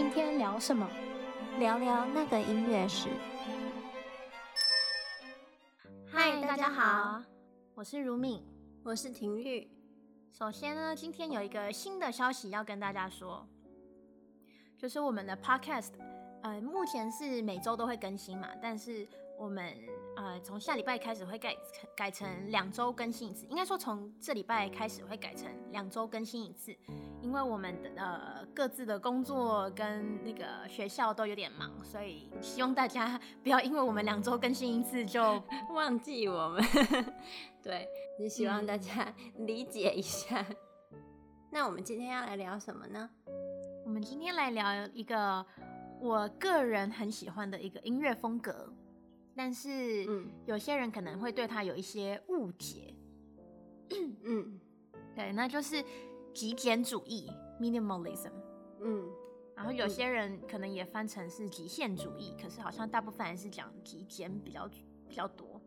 今天聊什麼？聊聊那個音樂史。嗨，Hi, 大家好，我是如敏，我是婷玉。首先呢，今天有一個新的消息要跟大家說，就是我們的 Podcast，呃，目前是每週都會更新嘛，但是我們。呃，從下禮拜開始會改改成兩周更新一次，應該說從這禮拜開始會改成兩周更新一次，因為我們的呃各自的工作跟那個學校都有點忙，所以希望大家不要因為我們兩周更新一次就忘記我們， 對，也、嗯、希望大家理解一下。那我們今天要來聊什麼呢？我們今天來聊一個我個人很喜歡的一個音樂風格。但是，嗯，有些人可能會對他有一些誤解，嗯，對，那就是極簡主義 （minimalism），嗯，然後有些人可能也翻成是極限主義，嗯，可是好像大部分人是講極簡比較比較多。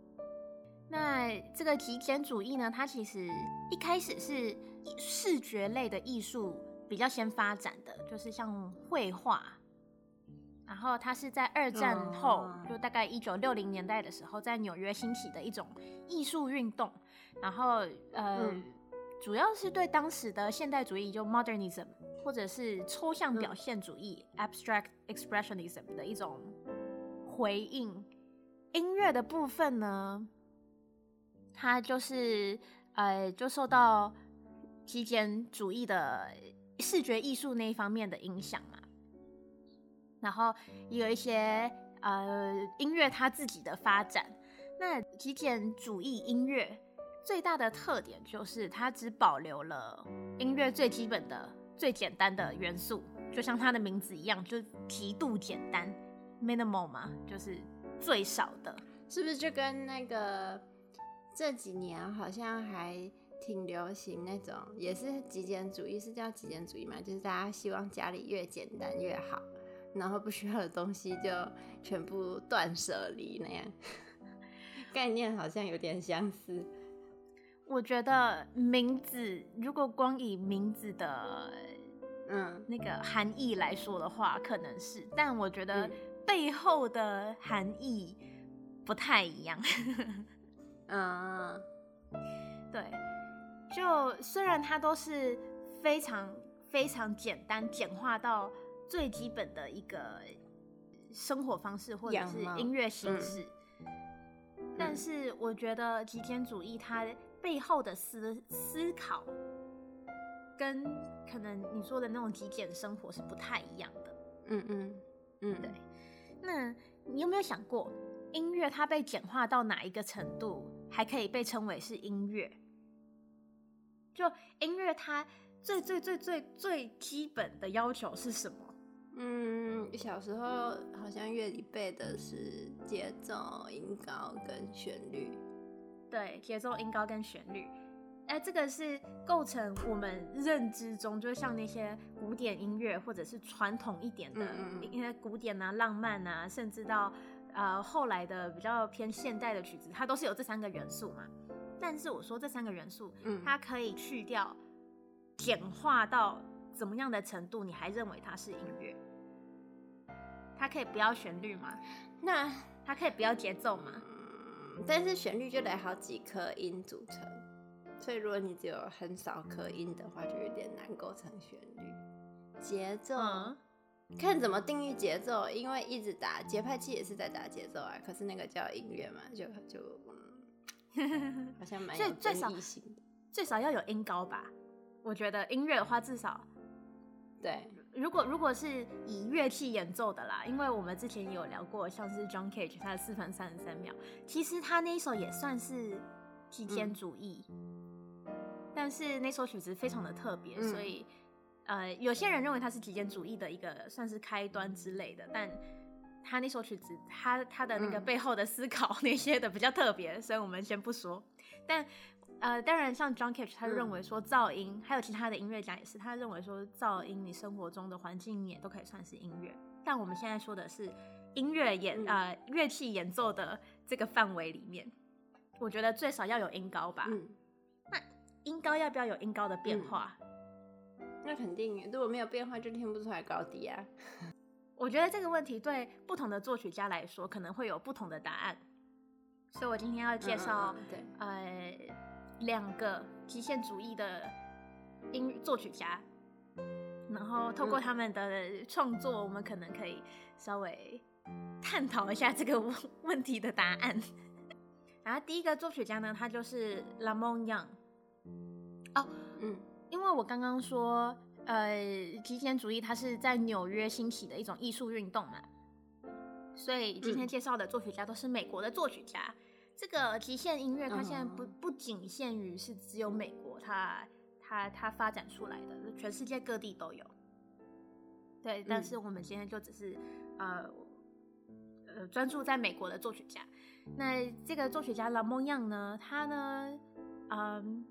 那這個極簡主義呢，它其實一開始是視覺類的藝術比較先發展的，就是像繪畫。然後他是在二戰後，就大概一九六零年代的時候，在紐約興起的一種藝術運動。然後呃，嗯、主要是對當時的現代主義，就 Modernism，或者是抽象表現主義、嗯、（Abstract Expressionism） 的一種回應。音樂的部分呢，他就是呃，就受到極簡主義的視覺藝術那一方面的影響嘛。然後有一些呃音樂它自己的發展，那極簡主義音樂最大的特點就是它只保留了音樂最基本的、最簡單的元素，就像它的名字一樣，就極度簡單，minimal 嘛，就是最少的，是不是？就跟那個這幾年好像還挺流行那種，也是極簡主義，是叫極簡主義嘛？就是大家希望家裡越簡單越好。然後不需要的東西就全部斷捨離那樣， 概念好像有點相似。我覺得名字如果光以名字的嗯那個含義來說的話，嗯、可能是，但我覺得背後的含義不太一樣。 嗯，對，就雖然它都是非常非常簡單，簡化到。最基本的一個生活方式或者是音樂形式，但是我覺得極簡主義它背後的思思考，跟可能你說的那種極簡生活是不太一樣的。嗯嗯嗯，對。那你有沒有想過，音樂它被簡化到哪一個程度，還可以被稱為是音樂？就音樂它最最最最最基本的要求是什麼？嗯，小時候好像樂理背的是節奏、音高跟旋律。對，節奏、音高跟旋律，哎、欸，這個是構成我們認知中，就像那些古典音樂或者是傳統一點的，因為古典啊、浪漫啊，甚至到呃後來的比較偏現代的曲子，它都是有這三個元素嘛。但是我說這三個元素，它可以去掉、簡化到怎麼樣的程度，你還認為它是音樂？他可以不要旋律嗎？那他可以不要節奏嗎？嗯，但是旋律就得好幾顆音組成，所以如果你只有很少顆音的話，就有點難構成旋律。節奏，嗯、看怎麼定義節奏，因為一直打節拍器也是在打節奏啊。可是那個叫音樂嘛，就就、嗯、 好像蠻。最最少最少要有音高吧？我覺得音樂的話，至少對。如果如果是以樂器演奏的啦，因為我們之前有聊過，像是 John Cage 他的四分三十三秒，其實他那一首也算是極簡主義，嗯、但是那首曲子非常的特別，嗯、所以呃，有些人認為它是極簡主義的一個算是開端之類的，但他那首曲子他他的那個背後的思考那些的比較特別，嗯、所以我們先不說，但。呃，當然，像 John Cage，他認為說噪音，嗯、還有其他的音樂家也是，他認為說噪音，你生活中的環境也都可以算是音樂。但我們現在說的是音樂演，嗯、呃，樂器演奏的這個範圍裡面，我覺得最少要有音高吧。嗯、那音高要不要有音高的變化？嗯、那肯定，如果沒有變化，就聽不出來高低啊。 我覺得這個問題對不同的作曲家來說，可能會有不同的答案。所以我今天要介紹、嗯嗯，對，呃。兩個極簡主義的音作曲家，然後透過他們的創作，嗯、我們可能可以稍微探討一下這個問題的答案。然後第一個作曲家呢，他就是 La Monte Young。哦，嗯，因為我剛剛說，呃，極簡主義它是在紐約興起的一種藝術運動嘛，所以今天介紹的作曲家都是美國的作曲家。嗯這個極限音樂，它現在不不僅限於是只有美國它，它它它發展出來的，全世界各地都有。對，但是我們今天就只是，嗯、呃，呃，專注在美國的作曲家。那這個作曲家 La Monte Young 呢，他呢，嗯，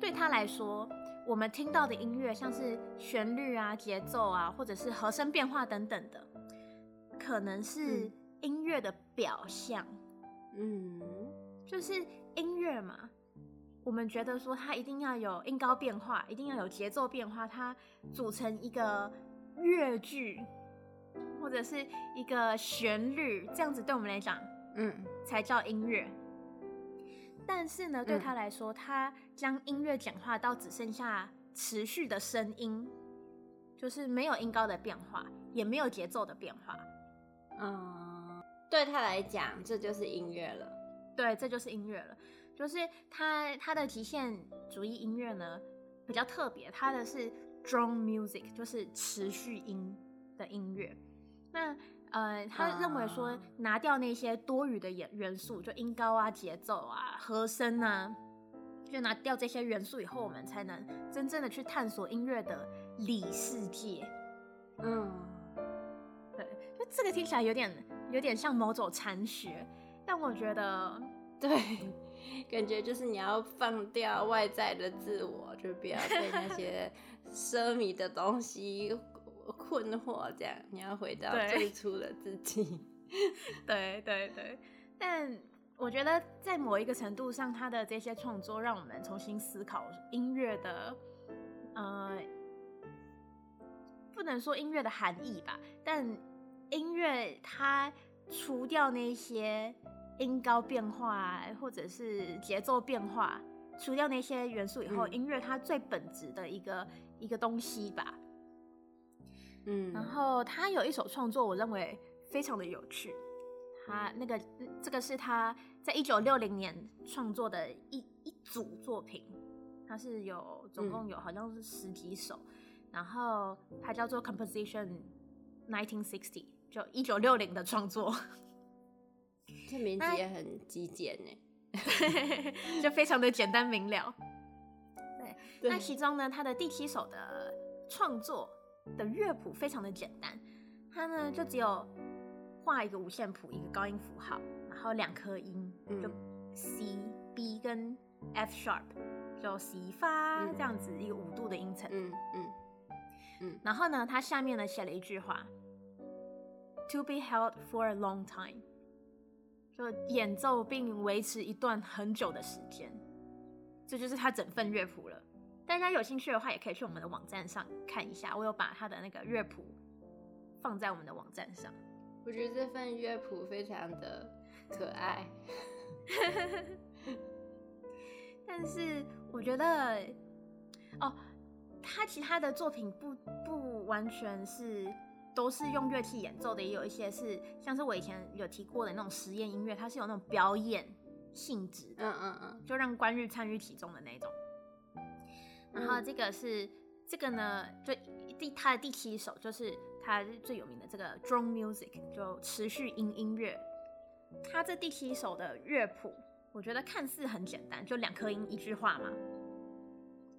對他來說，我們聽到的音樂，像是旋律啊、節奏啊，或者是和聲變化等等的，可能是音樂的表象。嗯嗯，就是音樂嘛，我們覺得說它一定要有音高變化，一定要有節奏變化，它組成一個樂句或者是一個旋律，這樣子對我們來講，嗯，才叫音樂。但是呢，嗯，對他來說，他將音樂簡化到只剩下持續的聲音，就是沒有音高的變化，也沒有節奏的變化，嗯。對他來講，這就是音樂了。對，這就是音樂了。就是他他的極簡主義音樂呢，比較特別，他的是 drone music，就是持續音的音樂。那呃，他認為說，uh、拿掉那些多餘的元元素，就音高啊、節奏啊、和聲啊，就拿掉這些元素以後，我們才能真正的去探索音樂的理世界。嗯，對，就這個聽起來有點。有點像某種禪學，但我覺得，對，感覺就是你要放掉外在的自我，就不要被那些奢靡的東西困惑，這樣你要回到最初的自己。對對對，對，但我覺得在某一個程度上，他的這些創作讓我們重新思考音樂的，呃，不能說音樂的含義吧，但。音樂，它除掉那些音高變化或者是節奏變化，除掉那些元素以後，嗯、音樂它最本質的一個一個東西吧。嗯，然後他有一首創作，我認為非常的有趣。他那個、嗯、這個是他在一九六零年創作的一一組作品，他是有總共有好像是十幾首，嗯、然後它叫做 Composition 1960。就一九六零的創作，這名字也很極簡呢， 對 就非常的簡單明了。對，對對，那其中呢，它的第七首的創作的樂譜非常的簡單，它呢就只有畫一個五線譜，一個高音符號，然後兩顆音，嗯、就 C B 跟 F sharp，就 C 發、嗯、這樣子一個五度的音程。嗯嗯嗯，嗯嗯然後呢，它下面呢寫了一句話。To be held for a long time，就演奏並維持一段很久的時間，這就是他整份樂譜了。大家有興趣的話，也可以去我們的網站上看一下，我有把他的那個樂譜放在我們的網站上。我覺得這份樂譜非常的可愛， 但是我覺得哦，他其他的作品不不完全是。都是用樂器演奏的，也有一些是像是我以前有提過的那種實驗音樂，它是有那種表演性質的，嗯嗯嗯，就讓觀眾參與其中的那種。嗯、然後這個是這個呢，最第他的第七首就是他最有名的這個 Drone Music，就持續音音樂。他這第七首的樂譜，我覺得看似很簡單，就兩顆音一句話嘛，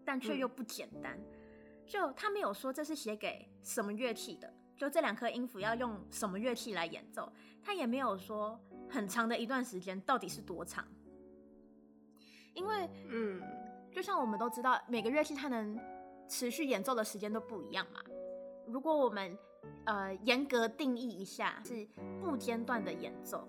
但卻又不簡單。嗯、就他沒有說這是寫給什麼樂器的。就這兩顆音符要用什麼樂器來演奏？它也沒有說很長的一段時間到底是多長，因為嗯，就像我們都知道，每個樂器它能持續演奏的時間都不一樣嘛。如果我們呃嚴格定義一下，是不間斷的演奏，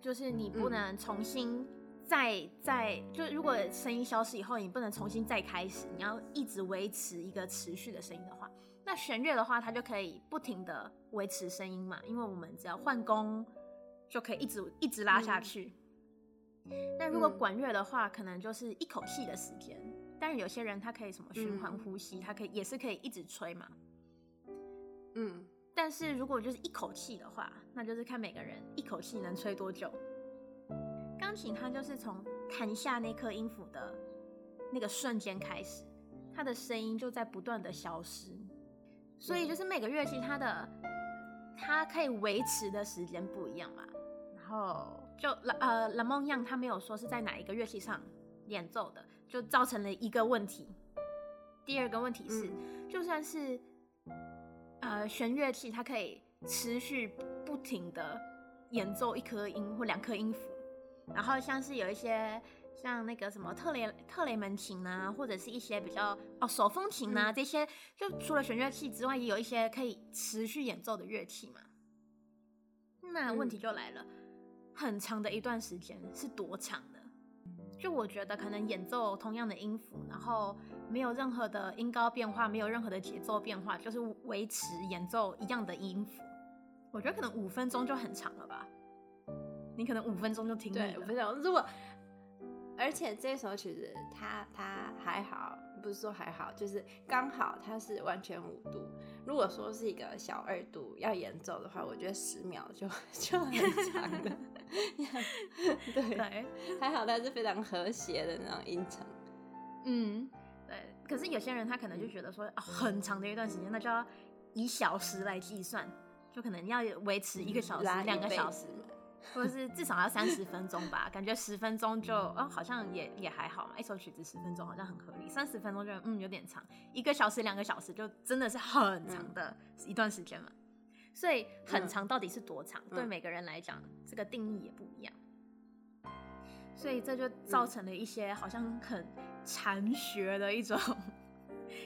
就是你不能重新再、嗯、再就如果聲音消失以後，你不能重新再開始，你要一直維持一個持續的聲音的話。那弦樂的話，它就可以不停的維持聲音嘛，因為我們只要換弓就可以一直一直拉下去。嗯、那如果管樂的話，嗯、可能就是一口氣的時間，但是有些人他可以什麼循環呼吸，嗯、他可以也是可以一直吹嘛。嗯，但是如果就是一口氣的話，那就是看每個人一口氣能吹多久。嗯、鋼琴它就是從彈下那顆音符的那個瞬間開始，它的聲音就在不斷的消失。所以就是每個樂器它的，它可以維持的時間不一樣嘛，嗯、然後就呃呃 La Monte Young，它沒有說是在哪一個樂器上演奏的，就造成了一個問題。第二個問題是，嗯、就算是呃弦樂器，它可以持續不停的演奏一顆音或兩顆音符，然後像是有一些。像那個什麼特雷特雷門琴啊，或者是一些比較哦手風琴啊、嗯、這些，就除了弦樂器之外，也有一些可以持續演奏的樂器嘛。那問題就來了，嗯、很長的一段時間是多長呢？就我覺得可能演奏同樣的音符，然後沒有任何的音高變化，沒有任何的節奏變化，就是維持演奏一樣的音符，我覺得可能五分鐘就很長了吧。你可能五分鐘就聽膩了。對，五分鐘如果。而且這時候其實他他還好，不是說還好，就是剛好他是完全五度。如果說是一個小二度要演奏的話，我覺得十秒就就很長了。 對，對還好他是非常和諧的那種音程。嗯，對。可是有些人他可能就覺得說、嗯哦、很長的一段時間，那就要以小時來計算，就可能要維持一個小時、兩、嗯、個小時。嗯或是至少要三十分鐘吧， 感覺十分鐘就啊、嗯哦，好像也也還好嘛，一首曲子十分鐘好像很合理，三十分鐘就嗯有點長，一個小時兩個小時就真的是很長的一段時間嘛，所以很長到底是多長？嗯、對每個人來講、嗯、這個定義也不一樣，所以這就造成了一些好像很禪學的一種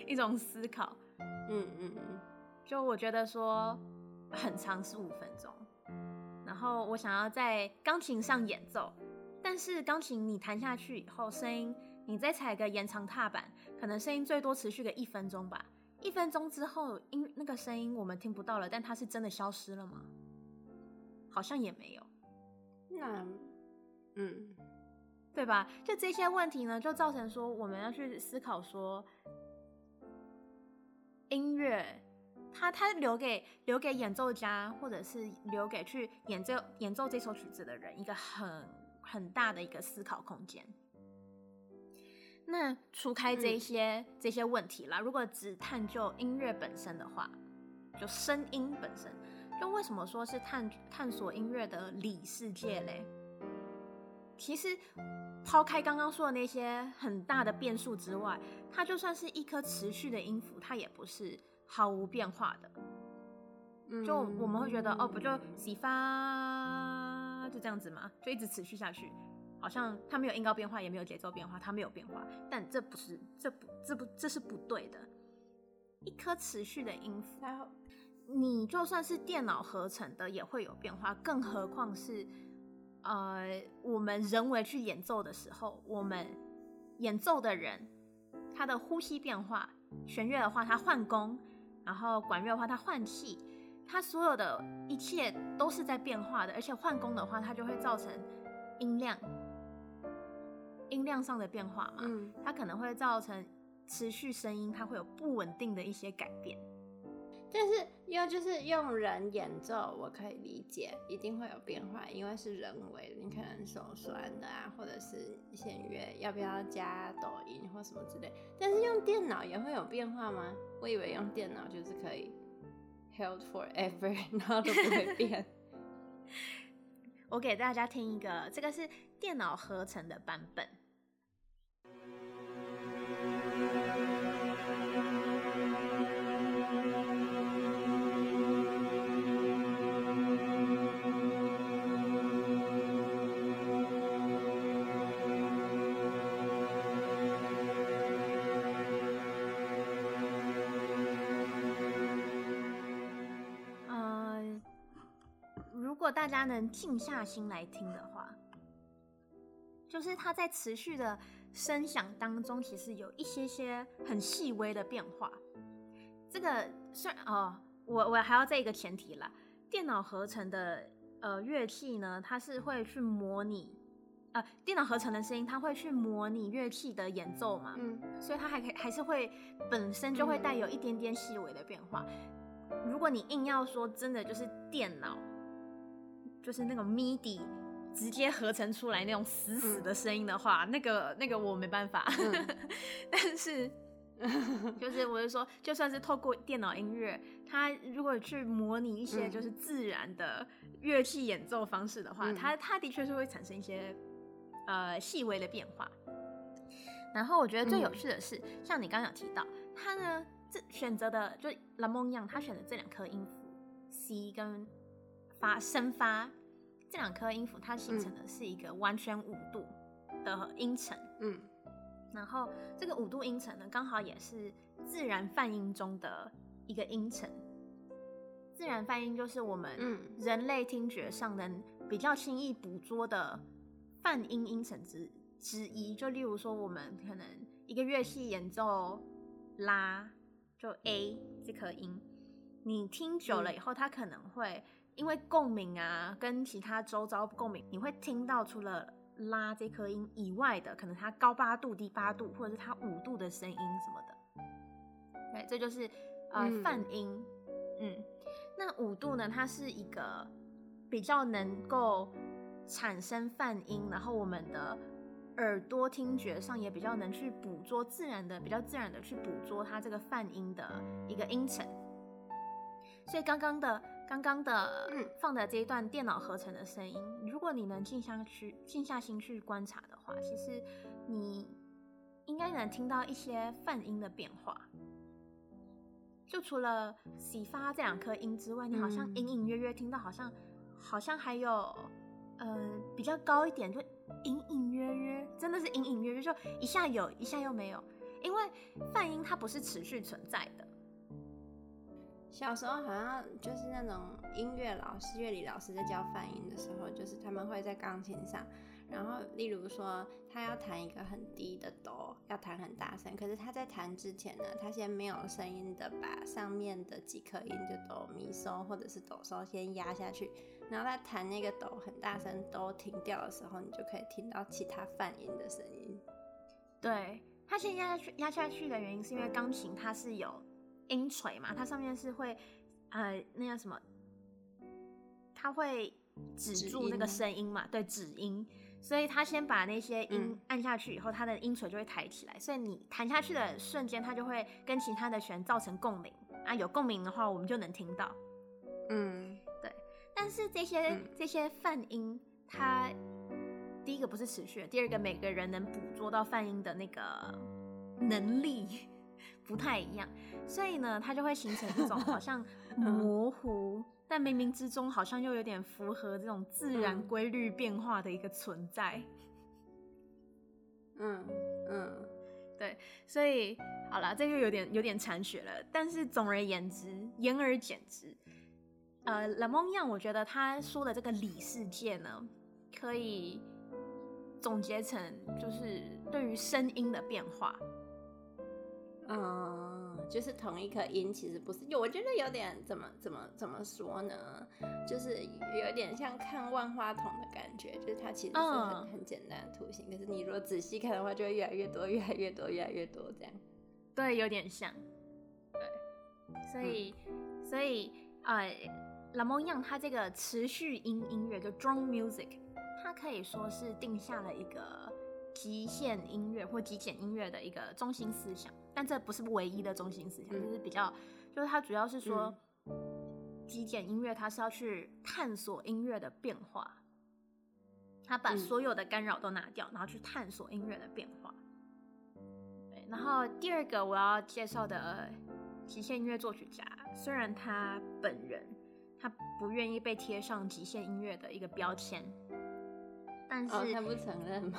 一種思考，嗯嗯嗯，就我覺得說很長十五分鐘。然後我想要在鋼琴上演奏，但是鋼琴你彈下去以後，聲音你再踩個延長踏板，可能聲音最多持續個一分鐘吧。一分鐘之後，音那個聲音我們聽不到了，但它是真的消失了嗎？好像也沒有。那，嗯，嗯對吧？就這些問題呢，就造成說我們要去思考說音樂。他他留給留給演奏家，或者是留給去演奏演奏這首曲子的人一個很很大的一個思考空間。那除開這些、嗯、這些問題啦，如果只探究音樂本身的話，就聲音本身，就為什麼說是探探索音樂的理世界咧？其實拋開剛剛說的那些很大的變數之外，它就算是一顆持續的音符，它也不是。毫無變化的，嗯、就我們會覺得哦，不就洗髮就這樣子嘛，就一直持續下去，好像它沒有音高變化，也沒有節奏變化，它沒有變化。但這不是，這不，這不，這是不對的。一顆持續的音符，好你就算是電腦合成的也會有變化，更何況是呃我們人為去演奏的時候，我們演奏的人他的呼吸變化，弦樂的話他換弓。然後管樂的話，它換氣，它所有的一切都是在變化的，而且換弓的話，它就會造成音量、音量上的變化嘛，嗯、它可能會造成持續聲音，它會有不穩定的一些改變。但是用就是用人演奏，我可以理解，一定會有變化，因為是人為的，你可能手酸的啊，或者是弦樂，要不要加抖音或什麼之類。但是用電腦也會有變化嗎？我以為用電腦就是可以 held forever，然後都不會變。 我給大家聽一個，這個是電腦合成的版本。能靜下心來聽的話，就是它在持續的聲響當中，其實有一些些很細微的變化。這個雖然哦，我我還要再一個前提啦，電腦合成的呃樂器呢，它是會去模擬啊、呃，電腦合成的聲音，它會去模擬樂器的演奏嘛，嗯，所以它還可以還是會本身就會帶有一點點細微的變化。嗯、如果你硬要說真的就是電腦。就是那種 MIDI 直接合成出來那種死死的聲音的話，嗯、那個那個我沒辦法。嗯、 但是，就是我就說，就算是透過電腦音樂，它如果去模擬一些就是自然的樂器演奏方式的話，嗯、它它的確是會產生一些呃細微的變化。然後我覺得最有趣的是，嗯、像你剛剛有提到，它呢這選擇的就 La Monte Young，他選擇這兩顆音符 C 跟。發聲發這兩顆音符，它形成的是一個完全五度的音程。嗯，然後這個五度音程呢，剛好也是自然泛音中的一個音程。自然泛音就是我們人類聽覺上能比較輕易捕捉的泛音音程之之一。就例如說，我們可能一個樂器演奏拉就 A、嗯、這顆音，你聽久了以後，它可能會。因為共鳴啊，跟其他周遭共鳴，你會聽到除了拉這顆音以外的，可能它高八度、低八度，或者是它五度的聲音什麼的。對，這就是呃、嗯、泛音，嗯，那五度呢，它是一個比較能夠產生泛音，然後我們的耳朵聽覺上也比較能去捕捉自然的、比較自然的去捕捉它這個泛音的一個音程。所以剛剛的。剛剛的放的這一段電腦合成的聲音，嗯、如果你能靜下去、靜下心去觀察的話，其實你應該能聽到一些泛音的變化。就除了洗发這兩顆音之外，你好像隱隱約約聽到，好像、嗯、好像還有，呃，比較高一點，就隱隱約約，真的是隱隱約約，就一下有，一下又沒有，因為泛音它不是持續存在的。小時候好像就是那種音樂老師、樂理老師在教泛音的時候，就是他們會在鋼琴上，然後例如說他要彈一個很低的哆，要彈很大聲，可是他在彈之前呢，他先沒有聲音的把上面的幾顆音就哆咪嗦，或者是哆嗦，先壓下去，然後他彈那個哆很大聲，哆停掉的時候，你就可以聽到其他泛音的聲音。對，他先壓下去壓下去的原因是因為鋼琴它是有。音錘嘛，它上面是會，呃，那叫什麼？它會止住那個聲音嘛，音。對，止音。所以它先把那些音按下去以後，嗯、它的音錘就會抬起來。所以你彈下去的瞬間，它就會跟其他的弦造成共鳴、嗯、啊。有共鳴的話，我們就能聽到。嗯，對。但是這些、嗯、這些泛音，它、嗯、第一個不是持續的，第二個每個人能捕捉到泛音的那個能力不太一樣，所以呢，它就會形成這種好像模糊， 嗯、但冥冥之中好像又有點符合這種自然規律變化的一個存在。嗯嗯，對，所以好啦，這就有點有點殘血了。但是總而言之，言而簡之，呃，La Monte Young 我覺得他說的這個理世界呢，可以總結成就是對於聲音的變化。嗯，就是同一顆音，其實不是，我覺得有點怎麼怎麼怎麼說呢？就是有點像看萬花筒的感覺，就是它其實是很、嗯、很簡單的圖形，可是你如果仔細看的話，就會越來越多，越來越多，越來越多這樣。對，有點像。對。所以，嗯、所以啊、呃、La Monte Young 他這個持續音音樂就 Drone Music，他可以說是定下了一個極限音樂或極簡音樂的一個中心思想。但這不是唯一的中心思想，就、嗯、是比較，就是他主要是說，極簡、嗯、音樂它是要去探索音樂的變化，他把所有的干擾都拿掉，嗯、然後去探索音樂的變化。對，然後第二個我要介紹的極限音樂作曲家，雖然他本人他不願意被貼上極限音樂的一個標籤，但是、哦、他不承認嘛，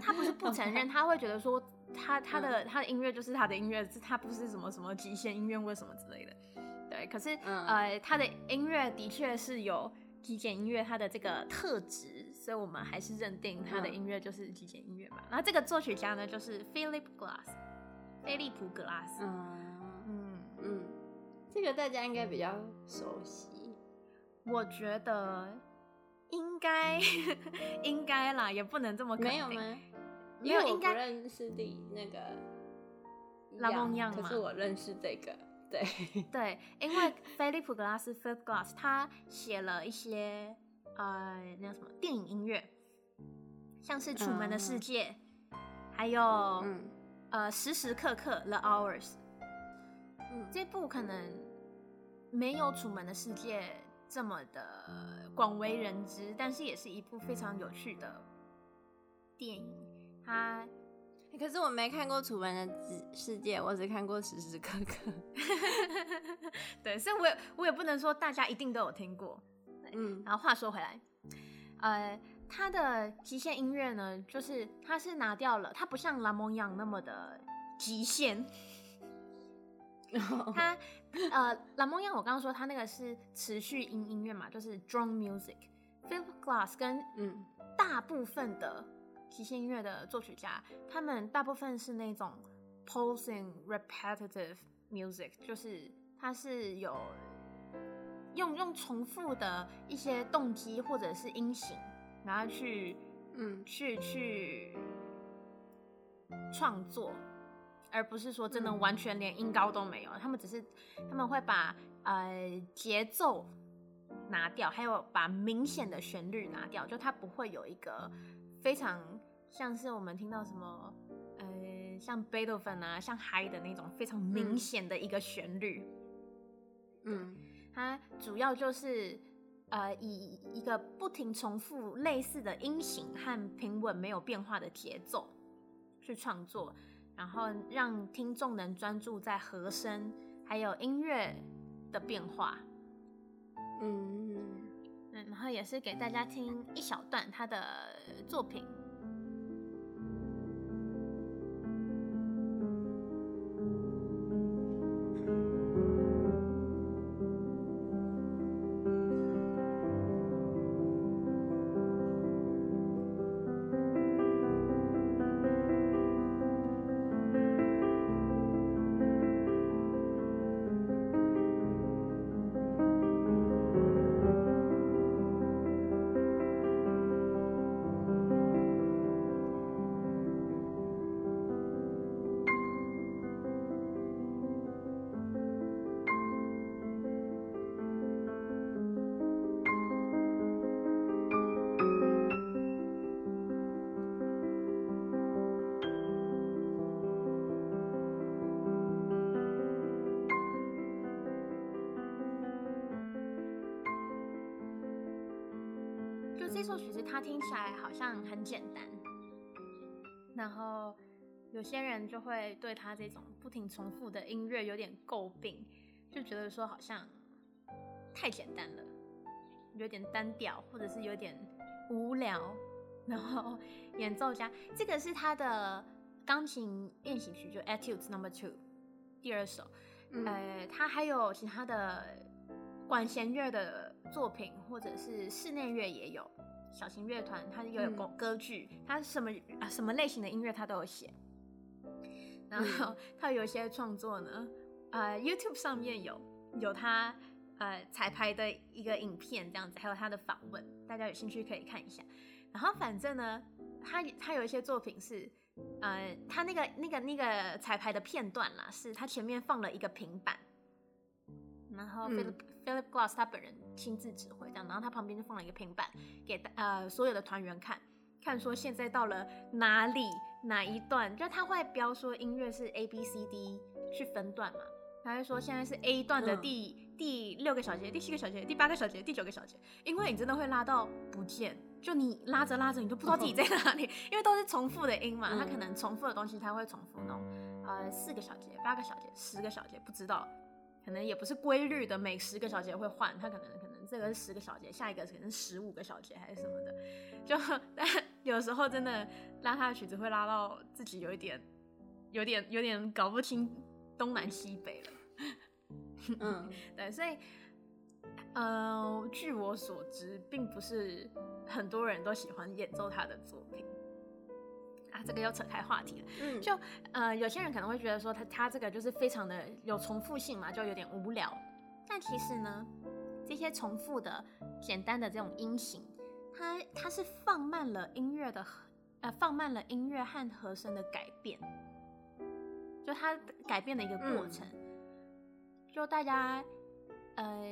他不是不承認， 他會覺得說。他他的、嗯、他的音樂就是他的音樂，他不是什麼什麼極限音樂或者什麼之類的，對。可是、嗯、呃，他的音樂的確是有極簡音樂它的這個特質，所以我們還是認定他的音樂就是極簡音樂嘛。然後、嗯、這個作曲家呢就是 Philip Glass、嗯、菲利普格拉斯嗯嗯，嗯嗯這個大家應該比較熟悉。嗯、我覺得應該該 應該啦，也不能這麼肯定。沒有因為我不認識的那個老孟樣嘛，可是我認識這個，對對，因為菲利普·格拉斯 f i l i p Glass） 他寫了一些呃，那什麼電影音樂，像是《楚門的世界》，還有呃《時時刻刻》（The Hours）。嗯，這部可能沒有《楚門的世界》這麼的廣為人知，但是也是一部非常有趣的電影。嗨他、欸，可是我沒看過《楚門的世界》，我只看過《時時刻刻。》 對，所以我也我也不能說大家一定都有聽過。嗯，然後話說回來，呃，他的極限音樂呢，就是他是拿掉了，他不像 La Monte Young 那麼的極限。Oh. 他呃，La Monte Young，我剛剛說他那個是持續音音樂嘛，就是 drum music, Philip Glass 跟嗯大部分的。極簡音樂的作曲家，他們大部分是那種 posing repetitive music，就是它是有用用重複的一些動機或者是音型，然後去嗯去去創作，而不是說真的完全連音高都沒有。他們只是他們會把呃節奏拿掉，還有把明顯的旋律拿掉，就它不會有一個非常。像是我們聽到什麼，呃，像貝多芬啊，像嗨的那種非常明顯的一個旋律，嗯，它、嗯、主要就是呃以一個不停重複類似的音型和平穩沒有變化的節奏去創作，然後讓聽眾能專注在和聲還有音樂的變化，嗯嗯，嗯，然後也是給大家聽一小段他的作品。這首曲子它聽起來好像很簡單，然後有些人就會對他這種不停重複的音樂有點詬病，就覺得說好像太簡單了，有點單調或者是有點無聊。然後演奏家這個是他的鋼琴練習曲，就 Etudes Number Two 第二首。嗯、呃，他還有其他的管弦樂的作品或者是室內樂也有。小型樂團，他又有歌歌劇，他、嗯、什麼啊、呃、什麼類型的音樂他都有寫，然後他、嗯、有一些創作呢，呃，YouTube 上面有有他呃綵排的一個影片這樣子，還有他的訪問，大家有興趣可以看一下。然後反正呢，他他有一些作品是，呃，他那個那個那個綵排的片段啦，是他前面放了一個平板。然後 Philip、嗯、Philip Glass 他本人親自指揮這樣，然後他旁邊就放了一個平板給呃所有的團員看，看說現在到了哪裡哪一段，就他會標說音樂是 A B C D 去分段嘛，他會說現在是 A 段的第、嗯、第六個小節、第七個小節、第八個小節、第九個小節，因為你真的會拉到不見，就你拉着拉着你都不知道自己在哪裡，因為都是重複的音嘛，他可能重複的東西他會重複弄，嗯、呃四個小節、八個小節、十個小節不知道。可能也不是規律的，每十個小節會換，他可能可能這個是十個小節，下一個可能是十五個小節還是什麼的，就但有時候真的拉他的曲子會拉到自己有一點，有點有點搞不清東南西北了。 嗯，對，所以呃，據我所知，並不是很多人都喜歡演奏他的作品。啊、這個又扯開話題了。嗯，就呃，有些人可能會覺得說他，他他這個就是非常的有重複性嘛，就有點無聊。但其實呢，這些重複的、簡單的這種音型，它它是放慢了音樂的，呃，放慢了音樂和和聲的改變，就它改變的一個過程。嗯、就大家呃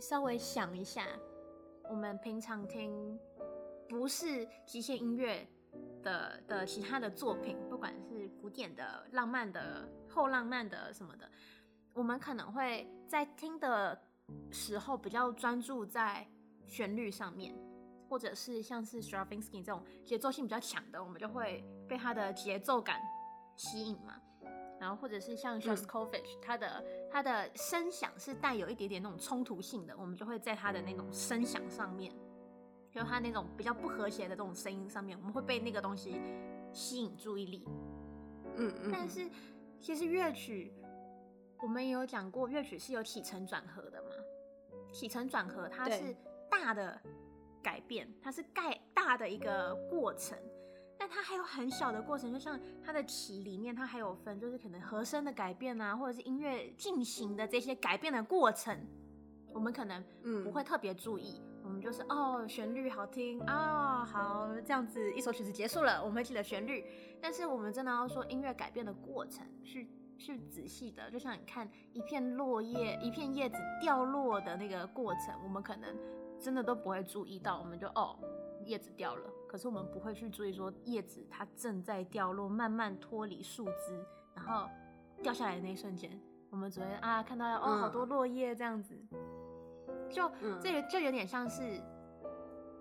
稍微想一下，我們平常聽不是極簡音樂。嗯的的其他的作品，不管是古典的、浪漫的、後浪漫的什麼的，我們可能會在聽的時候比較專注在旋律上面，或者是像是 Stravinsky 這種節奏性比較強的，我們就會被他的節奏感吸引嘛。然後或者是像 Shostakovich，嗯，像他的他的聲響是帶有一點點那種衝突性的，我們就會在他的那種聲響上面。就它那種比較不和諧的這種聲音上面，我們會被那個東西吸引注意力。嗯嗯。嗯但是其實樂曲，我們也有講過，樂曲是有起承轉合的嘛。起承轉合，它是大的改變，對它是蓋大的一個過程。但它還有很小的過程，就像它的起裡面，它還有分，就是可能和聲的改變啊，或者是音樂進行的這些改變的過程，我們可能不會特別注意。嗯我們就是哦，旋律好聽啊、哦，好這樣子一首曲子結束了，我們記得旋律。但是我們真的要說音樂改變的過程是，是是仔細的，就像你看一片落葉，一片葉子掉落的那個過程，我們可能真的都不會注意到，我們就哦葉子掉了，可是我們不會去注意說葉子它正在掉落，慢慢脫離樹枝，然後掉下來的那一瞬間，我們只會啊看到哦好多落葉這樣子。就、嗯、這個就有點像是，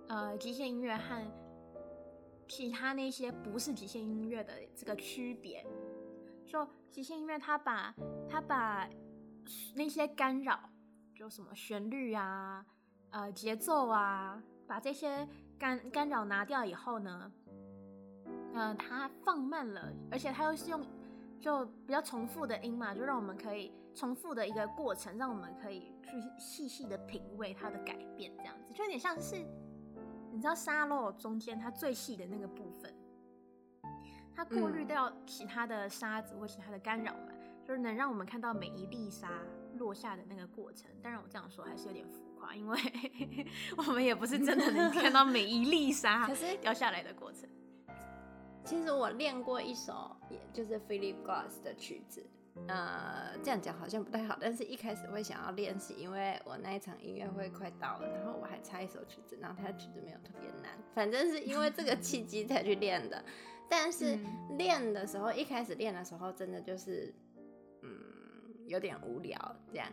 呃，極簡音樂和其他那些不是極簡音樂的這個區別。就極簡音樂，他把，它把那些干擾，就什麼旋律啊，呃，節奏啊，把這些干干擾拿掉以後呢，嗯、呃，它放慢了，而且它又是用。就比較重複的音嘛，就讓我們可以重複的一個過程，讓我們可以去細細的品味它的改變，這樣子就有點像是，你知道沙漏中間它最細的那個部分，它過濾掉其他的沙子或其他的干擾嘛，嗯，就是能讓我們看到每一粒沙落下的那個過程。當然我這樣說還是有點浮誇，因為我們也不是真的能看到每一粒沙掉下來的過程。其實我練過一首，也就是 Philip Glass 的曲子。呃，這樣講好像不太好，但是一開始我會想要練習，因為我那一場音樂會快到了，然後我還差一首曲子，然後他的曲子沒有特別難，反正是因為這個契機才去練的。 但是練的時候，嗯、一開始練的時候，真的就是，嗯，有點無聊這樣。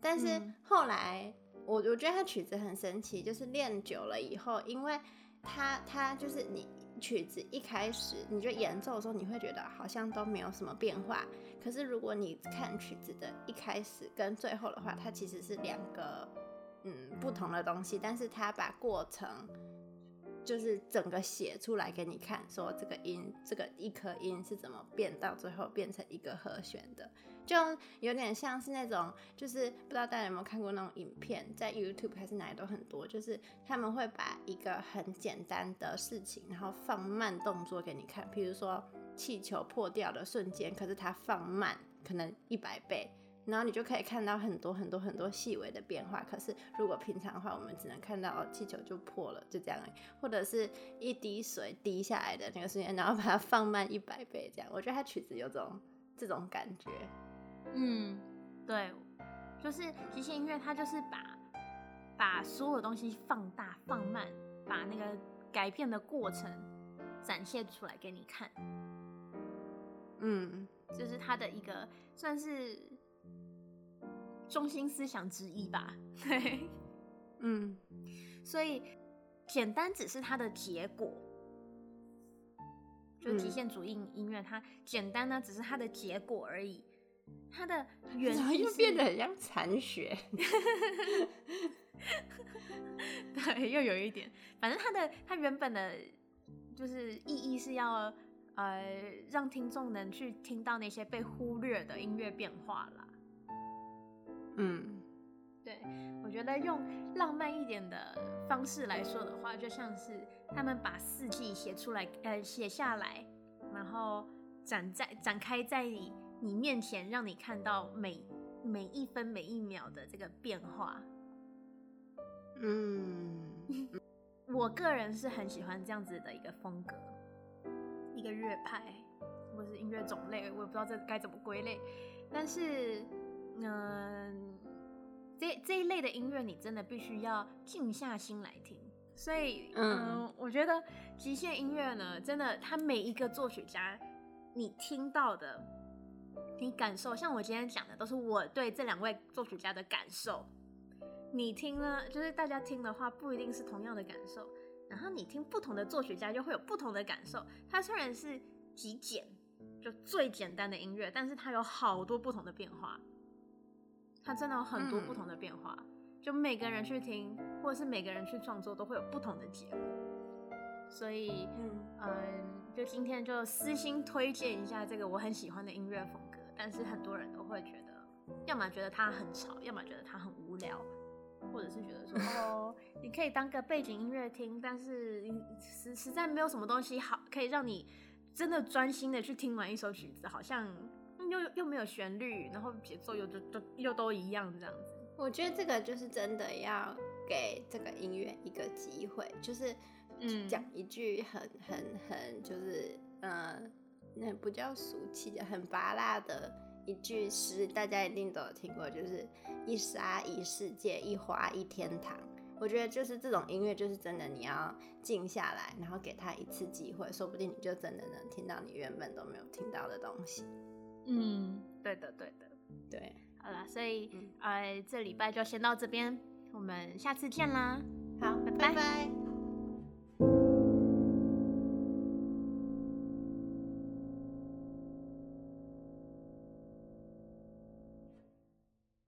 但是後來，嗯、我我覺得他的曲子很神奇，就是練久了以後，因為他他就是你。曲子一開始，你就演奏的時候，你會覺得好像都沒有什麼變化。可是如果你看曲子的一開始跟最後的話，它其實是兩個嗯不同的東西。但是它把過程就是整個寫出來給你看，說這個音，這個一顆音是怎麼變到最後變成一個和弦的。就有點像是那種，就是不知道大家有沒有看過那種影片，在 YouTube 還是哪裡都很多，就是他們會把一個很簡單的事情，然後放慢動作給你看，譬如說氣球破掉的瞬間，可是它放慢可能一百倍，然後你就可以看到很多很多很多細微的變化。可是如果平常的話，我們只能看到氣球就破了，就這樣，或者是一滴水滴下來的那個瞬間，然後把它放慢一百倍，這樣，我覺得它曲子有這種這種感覺。嗯，對，就是極簡音樂，它就是把把所有的東西放大，放慢，把那個改變的過程展現出來給你看。嗯，就是它的一個算是中心思想之一吧。對，嗯，所以簡單只是它的結果，就極簡主義音樂，它簡單呢只是它的結果而已。它的原怎麼又變得很像殘雪？ 對，又有一點。反正它的它原本的，就是意義是要呃讓聽眾能去聽到那些被忽略的音樂變化啦。嗯，對，我覺得用浪漫一點的方式來說的話，就像是他們把四季寫出來，呃，寫下來，然後展在展開在你。你面前讓你看到每每一分每一秒的這個變化，嗯，我個人是很喜歡這樣子的一個風格，一個樂派，或是音樂種類，我也不知道這該怎麼歸類。但是，嗯、呃，這這一類的音樂你真的必須要靜下心來聽。所以，呃、嗯，我覺得極限音樂呢，真的，它每一個作曲家，你聽到的。你感受，像我今天講的，都是我對這兩位作曲家的感受。你聽了，就是大家聽的話，不一定是同樣的感受。然後你聽不同的作曲家，就會有不同的感受。它雖然是極簡，就最簡單的音樂，但是它有好多不同的變化。它真的有很多不同的變化，嗯、就每個人去聽，或者是每個人去創作，都會有不同的結果。所以，嗯，就今天就私心推薦一下這個我很喜歡的音樂風格。但是很多人都會覺得，要麼覺得它很吵，要麼覺得它很無聊，或者是覺得說 哦，你可以當個背景音樂聽，但是實實在沒有什麼東西好可以讓你真的專心的去聽完一首曲子，好像又又沒有旋律，然後節奏又都又都一樣這樣子。我覺得這個就是真的要給這個音樂一個機會，就是講一句很、嗯、很很就是嗯。呃那不叫俗氣，叫很芭樂的一句詩，大家一定都有聽過，就是“一沙一世界，一花一天堂”。我覺得就是這種音樂，就是真的你要靜下來，然後給它一次機會，說不定你就真的能聽到你原本都沒有聽到的東西。嗯，對的，對的，對。好了，所以、嗯、呃，這禮拜就先到這邊，我們下次見啦。嗯、好，拜拜。拜拜。